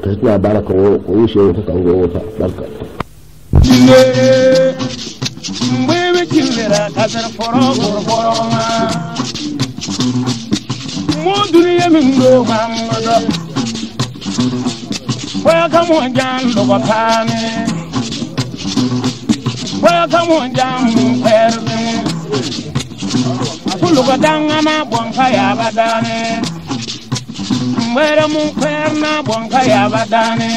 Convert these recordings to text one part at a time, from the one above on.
ka tuna bara ka wo ko yushe wo ka wo ta barka mgbe ebe kilere kasịrị fọrọ gbụrụgbọrọ ma mmụọ duru ihe mi mgbe ogba mmadụ bóyá ká mọ̀ ń já lọ́kọ̀ tání bóyá ká mọ̀ ń já mú pẹ́ẹ́rẹ́ fún un àkúlùkọ̀ dáńgá má bọ̀ ń ká yàrá dání mwere munkwere na bonka ya badane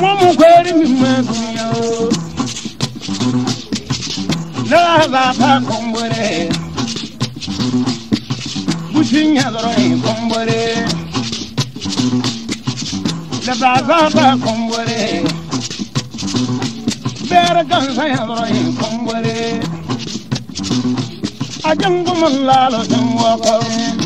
mo munkwere mimweguyo lalabapa kombore businyadoro kombore labazapa kombore bere gansayadoro kombore ajangumallalo tan wakore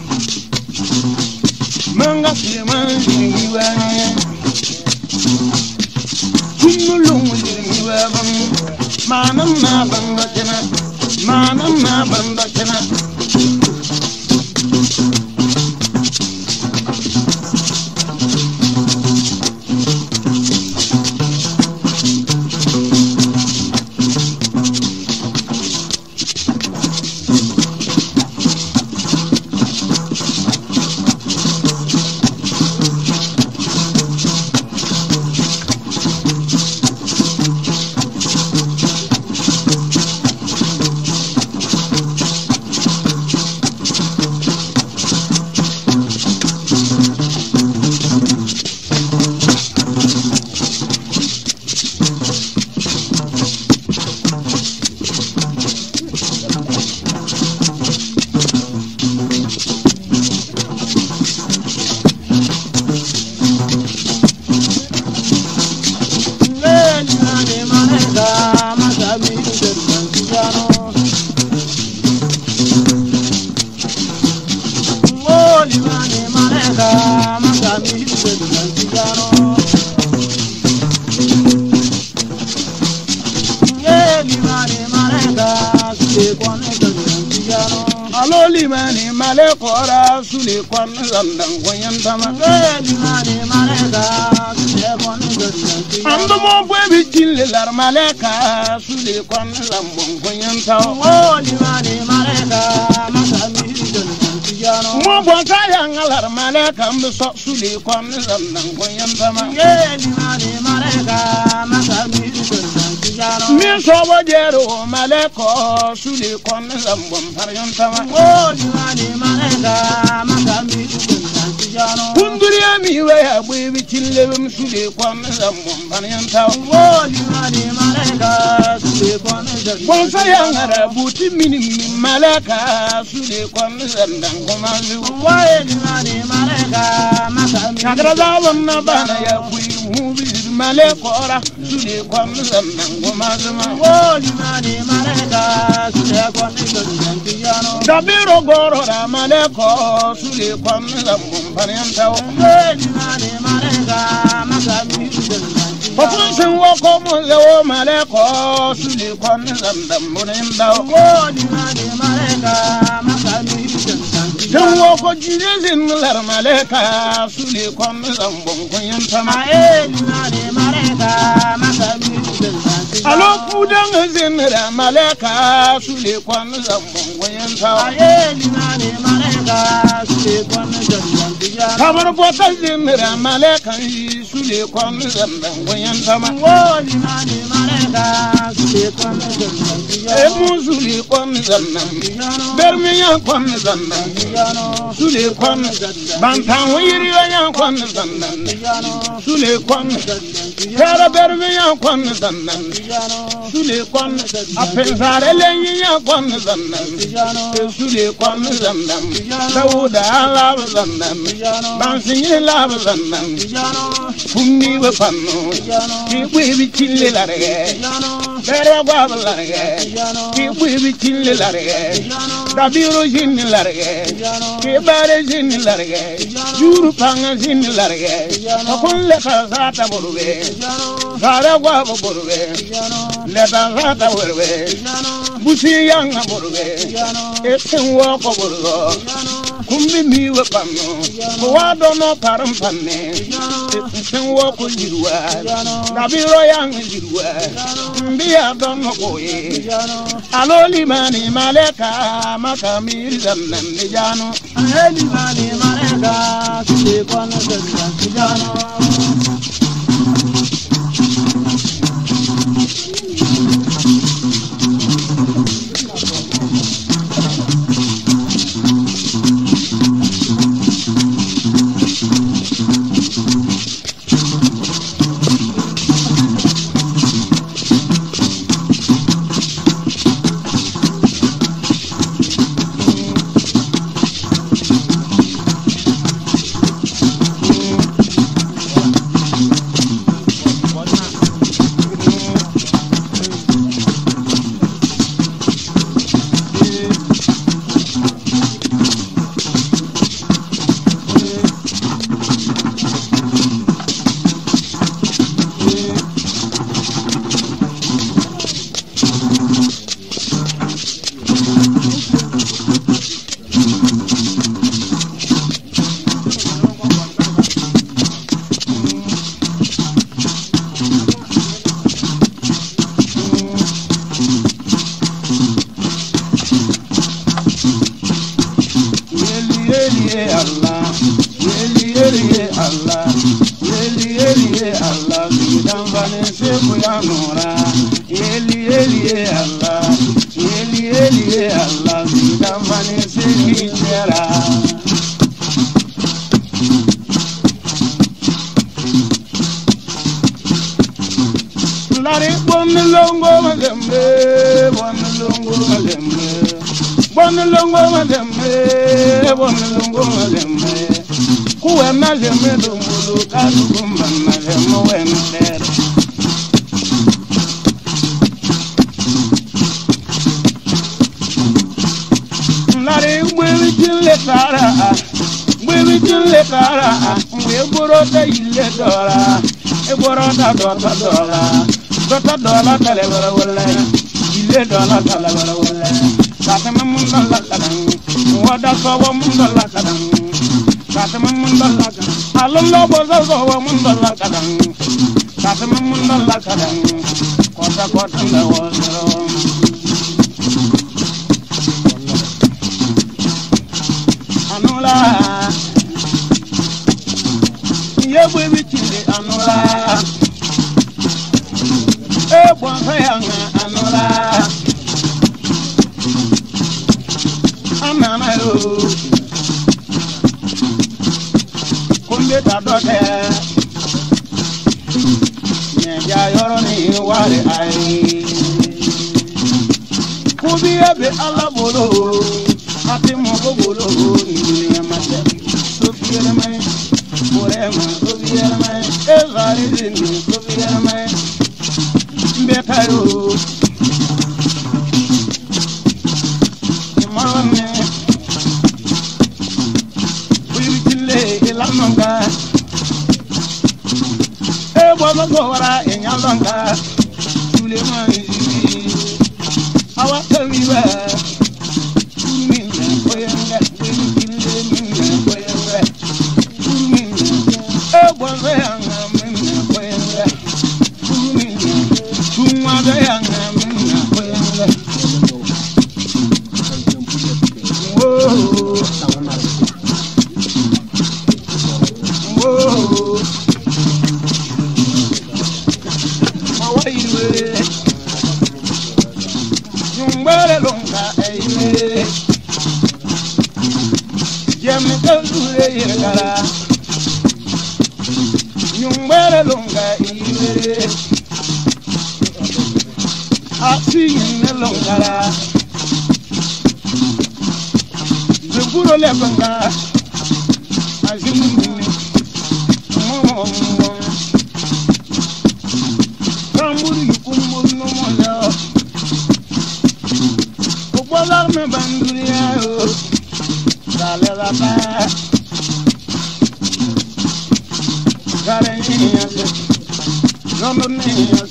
Manga Suleman, Iwane. Kumulung, Iwane. Manam na bandakena. Manam na bandakena. bon zamdan goyen tama di mare maleka sule bon zamdan ando mo bwe bi chille lar maleka sule kon zambon goyen taw o di mare maleka so sule kon zamdan goyen tama di mare maleka masami min sobo jero male ko sule kon zam bom faryon tama o diwani maenda maka mi kunduriya mi waya bwe bi chille bum sule kon zam bom faryon tama o diwani maenda sule kon zam bon saya ngara buti min min malaka sule kon zam dan kuma zu waye diwani maenda maka mi kadra zawon bana ya bwe mu bi male kora su ne kwan sannan kuma zuma wajina ne mare ka su ne kwan da zuwan kiyano da biro goro da male ko su ne kwan sannan farin tau wajina ne mare ka masa mi da Bakun sin wo ko mu zawo male ko su ne kwan sannan munin dau wajina ne mare ka masa mi da Jan wo ko jire zin lar maleka sule kom zan bon kunyan tama. Ae na ne maleka masa mi Alo kudan zin da maleka sule kom zan bon kunyan tama. Ae na ne maleka sule kom zan bon kunyan bota zin da maleka sule kom zan bon kunyan tama. Wo ni na ne maleka Emuzuli kwam zanna, bermiya kwam zanna, sule kwam, bantan yiriya kwam zanna, sule kwam, kara bermiya kwam zanna, sule kwam, apenzare lenyiya kwam zanna, sule kwam zanna, sauda lab zanna, bansinyi lab zanna, kumni wa fanno, kikwe bichille larege, Kere baba large, ki bibi chilli large, dabiro jinni large, ki bare jinni large, juru panga jinni large, kakulle kalsata burube, kara guaba burube, leta sata burube, busi yanga burube, etin wako burube, kumimi wa pamo wa dono param pamme sin wo ko jirwa na bi ro ya jirwa ko ye aloli mani maleka makamir zamnan ni jano aloli mani maleka kile kono zamnan ni jano kuyanura yeli yeli Allah yeli yeli Allah sidamani sikijera Lari bonilongo mazembe bonilongo mazembe bonilongo mazembe bonilongo mazembe kuwe mazembe dumudu kazukumbana lekara mgbibiti lekara mgbe egborote ile dọra egborota dọta dọra dọta dọla tale werewere ile dọla tale werewere katimi mun dọla kadan wọda sọbọ mun dọla kadan katimi mun dọla kadan alonlọbọ sọsọbọ mun dọla kadan katimi mun dọla kadan kọta kọta lẹwọ lẹwọ. ihe bụ ebe tiri anụla egbo ọzọ ya nwa anụla ana anaghị oo kunde dadọ dẹ yọrọ ni iwari ayi kubi ebe alabolo ati mọgọ bolo. I want to kúrò lẹ́gbàgbà àzímù ni kamburu yukun muru no mọlẹ ọ gbogbo alarme banduri ẹ o lálẹ́ lábẹ́ kárẹ̀ yìnyín yẹn lọ́mọdún yìnyín yẹn.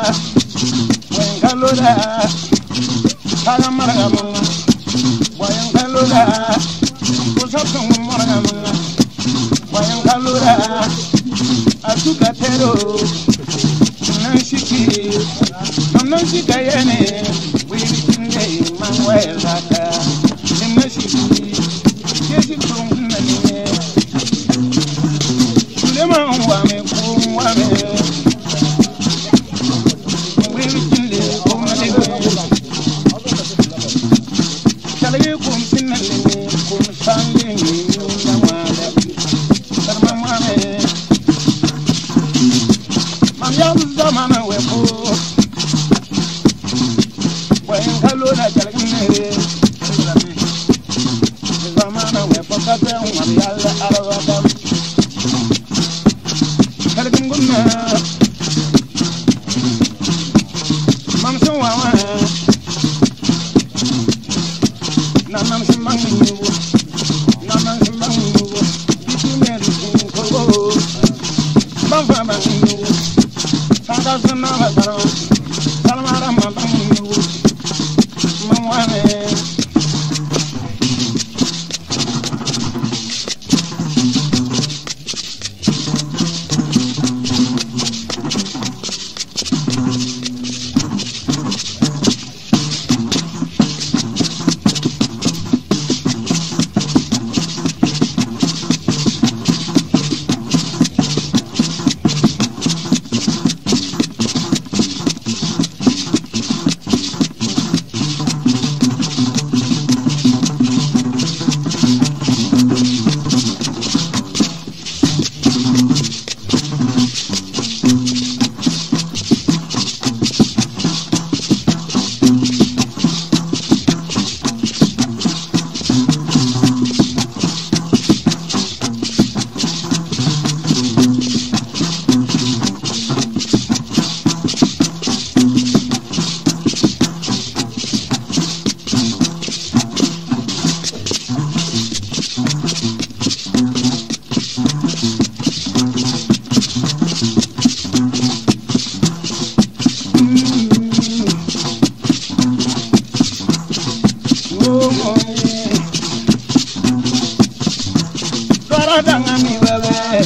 sọ̀rọ̀ dàgbà mi wẹ́wẹ́.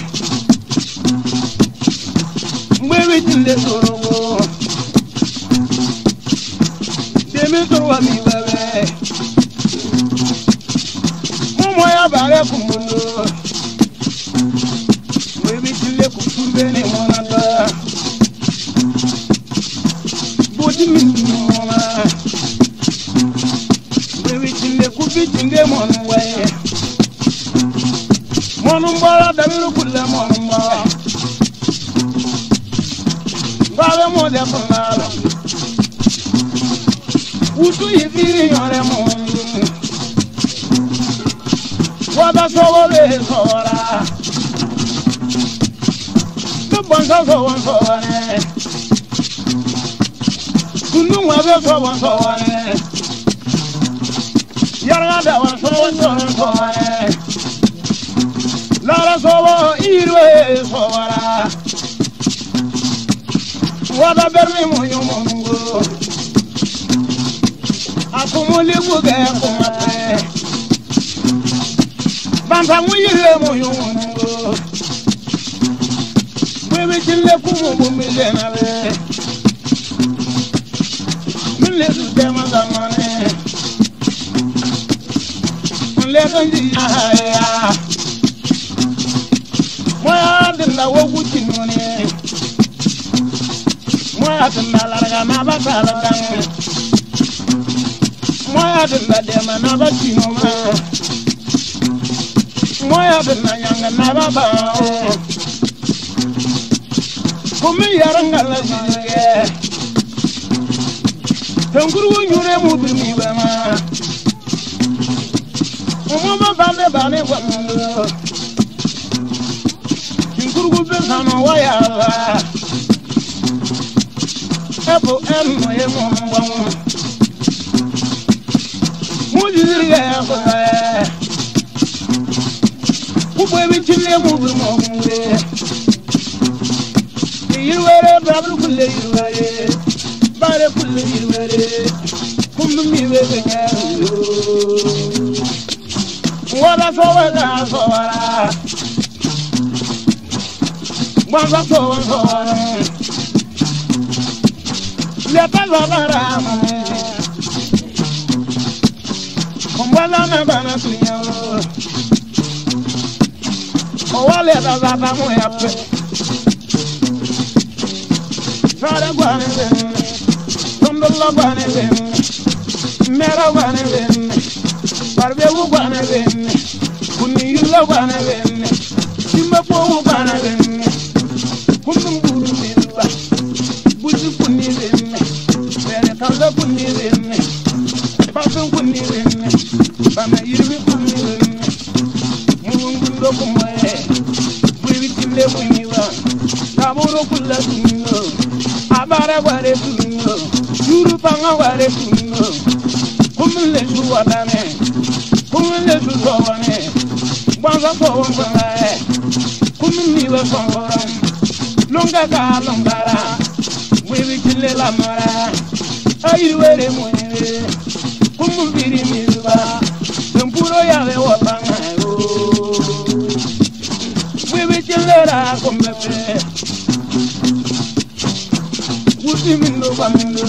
Ngbèbí ti lè sọ̀rọ̀ wọ̀. Dèmí sọ̀rọ̀ mi wẹ́wẹ́. Mú mọ́ ya bàárẹ̀ kùn mọ́. Da sọ́wọ́ lè sọ̀ra. Dúpọ̀ nsọ́ sọ̀wọ́ sọ̀wọ́ rẹ̀. Kùnúwà bẹ́ sọ̀wọ́ sọ̀wọ́ rẹ̀. Yàrá dàwọ̀ sọ̀wọ́ sọ̀wọ́ sọ̀wọ́ rẹ̀. Lára sọ̀wọ́ ìlú ẹ̀ sọ̀wọ́ rà. Wọ́dà bẹ́ẹ̀ mi mú yín mọ̀ ń gbó. Àkùnmọ́lé gbogbo ẹ̀ kùnmọ́ tẹ̀ bàbá mu yìlè mu yòwòn o bébí jìlè kúmù bu mi lè nà lè mi lè du dèmà dàmà nè mi lè du njì yàhàyà mo yà di la wo wu ci nu nè mo yà di la larga ma ba ta la dang mo yà di la dèmà na ba ci nu ma moya bina nyanga naraba kumi yaranga la zinge tenguru nyure mu bimi bama umuma bane bane wamundo tenguru bezano waya la ebo emu emu mbamu mujizirga ya kwa kubo ebichile kubi mongwe yirwere babul kulle yirwere bare kulle yirwere kumdum yiwe ganyayo wala so wala so wala wala so lepa baba rama kumbala na bana tunyalo owalera one mwaffe fara gwane you tondolla one wenne mera gwane wenne barbewu gwane nga ware kunno kumile su wadane kumile su sowane gbanza fowon gbanae kuminiwe fongoron longa ka longara wewi kile lamara ayiriwere muere kumubiri mizuba tempuro yawe wabangayo wewi kilera kumbepe Wusi mindo ba mindo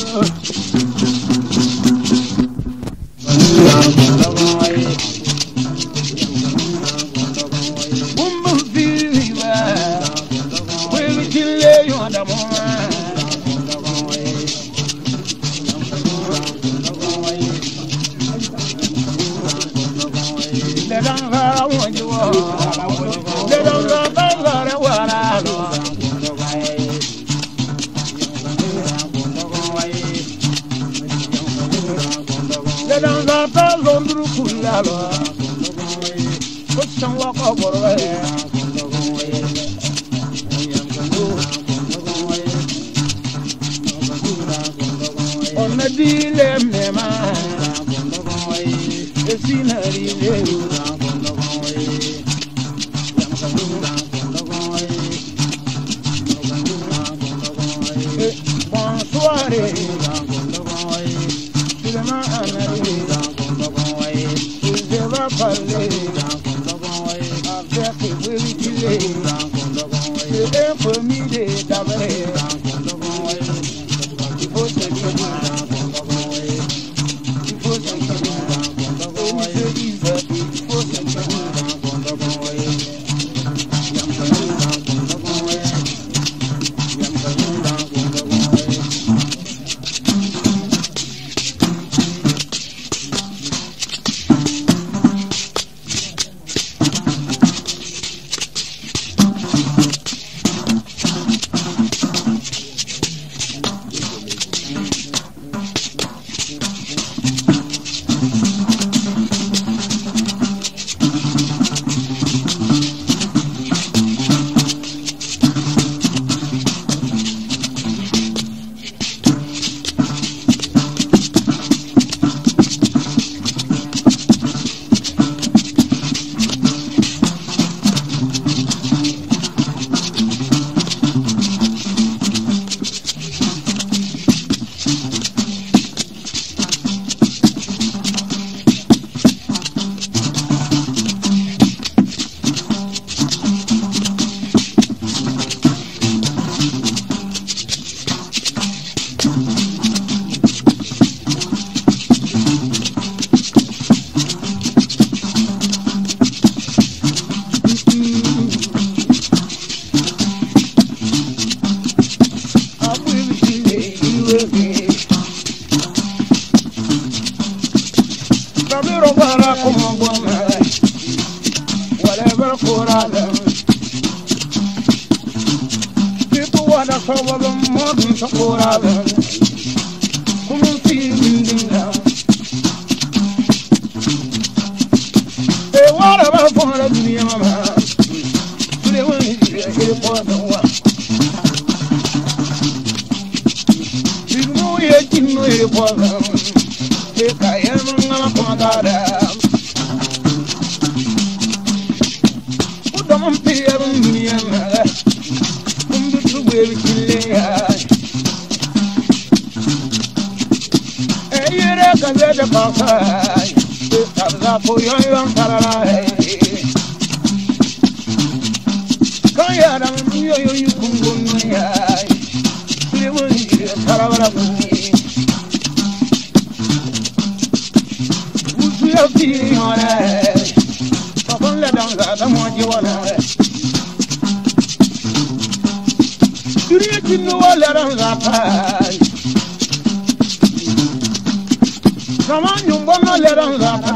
Sobalım odun çok uğradım ورقوي وجوه في ولا فقل لدن ذات موجي ولا دريت ولا رن ذاتاي زمان يوم بنا لرن ذاتاي